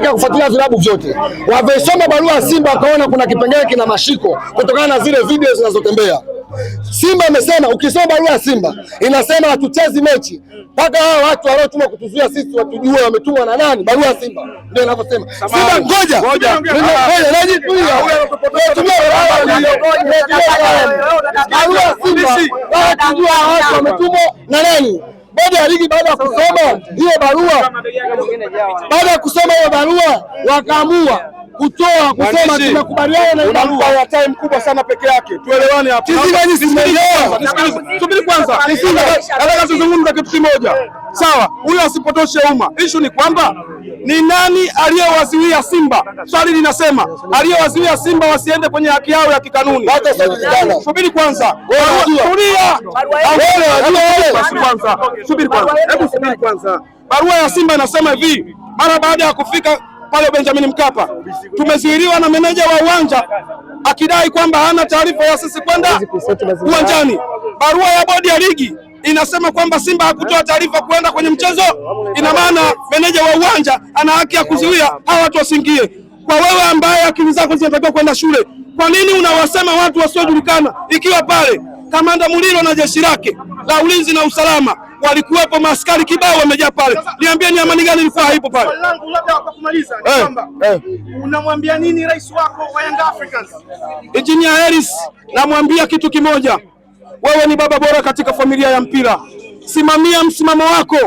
wanataka kufuatilia vilabu vyote, Wavesoma barua Simba wakaona kuna kipengele kina mashiko kutokana na zile video zinazotembea. Simba amesema, ukisoma barua ya Simba inasema hatuchezi mechi mpaka hao watu waliotumwa kutuzuia sisi watujue wametumwa na nani. Barua ya Simba ndio inavyosema. Simba ngoja barua ya Simba wametumwa na nani? bodi ya ligi baada ya kusoma hiyo barua, baada ya kusoma hiyo barua wakaamua kutoa kusema tumekubaliana na barua. Time kubwa sana peke yake, tuelewane hapa. Subiri kwanza, nataka tuzungumze kitu kimoja. Eh sawa, huyo asipotoshe umma. Ishu ni kwamba ni nani aliyewazuia Simba? Swali linasema aliyewazuia Simba wasiende kwenye haki yao ya kikanuni. Subiri kwanza, subiri kwanza, hebu subiri kwanza. Barua ya Simba inasema hivi, mara baada ya kufika pale Benjamin Mkapa tumezuiliwa na meneja wa uwanja akidai kwamba hana taarifa ya sisi kwenda uwanjani. Barua ya bodi ya ligi inasema kwamba Simba hakutoa taarifa kuenda kwenye mchezo, ina maana meneja wa uwanja ana haki ya kuzuia hawa watu wasiingie. Kwa wewe ambaye akili zako zinatakiwa kwenda shule, kwa nini unawasema watu wasiojulikana, ikiwa pale kamanda Muliro na jeshi lake la ulinzi na usalama walikuwepo, maaskari kibao wamejaa pale? Niambie, ni amani gani ilikuwa haipo pale? Labda wakumaliza eh, kwamba eh. unamwambia nini rais wako wa Young Africans Engineer Harris? Namwambia kitu kimoja, wewe ni baba bora katika sheria ya mpira. Simamia msimamo wako,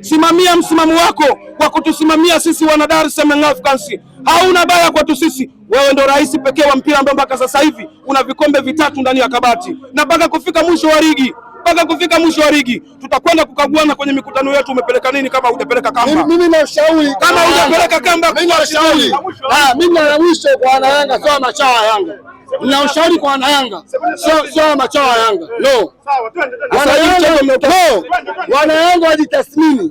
simamia msimamo wako kwa kutusimamia sisi wana Dar es Salaam Africans. Hauna baya kwetu sisi, wewe ndo rais pekee wa mpira ambaye mpaka sasa hivi una vikombe vitatu ndani ya kabati, na mpaka kufika mwisho wa ligi mpaka kufika mwisho wa ligi tutakwenda kukaguana kwenye mikutano yetu. Umepeleka nini? Kama hujapeleka kamba, mimi ushauri kama hujapeleka kamba, mimi nashauri ah, mimi na mwisho kwa wana Yanga, sio machaa Yanga na ushauri kwa wanayanga, sio machawa wa eh. Yanga. No, wanayanga wajitathmini.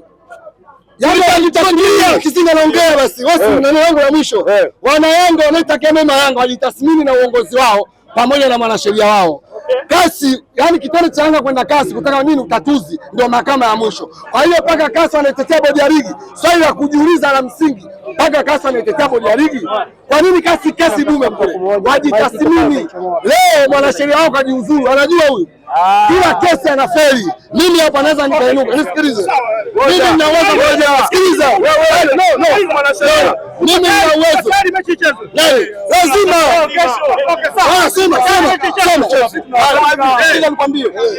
Kizinga naongea basi, neno la mwisho, wanayanga wanaitakia mema Yanga wajitathmini na uongozi wao pamoja na mwanasheria wao kasi, yani kitendo cha Yanga kwenda kasi kutaka nini? Utatuzi ndio mahakama ya mwisho. Kwa hiyo mpaka kasi anaitetea bodi ya ligi, swali la kujiuliza la msingi, mpaka kasi wanaitetea bodi ya ligi. Kwa nini kasi kasi dume kule? Wajitasimini. Leo mwanasheria wao kajiuzuru, anajua huyu kila kesi anafeli. Mimi hapa naweza nikainuka, nisikilize mimi nina uwezo. Sikiliza, mimi nina uwezo,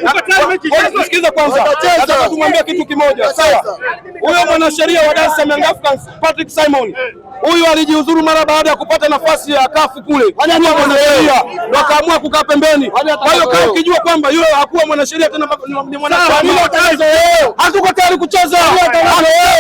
lazima sikiliza kwanza, nataka kumwambia kitu kimoja. Sawa, huyo mwanasheria wa Dar es Salaam Africans Patrick Simon huyu alijiuzuru mara baada ya kupata nafasi ya kafu kule, mwanasheria wakaamua kukaa pembeni. Kwa hiyo kama ukijua kwamba yule hakuwa mwanasheria tena, hatuko tayari kucheza 加油！加油！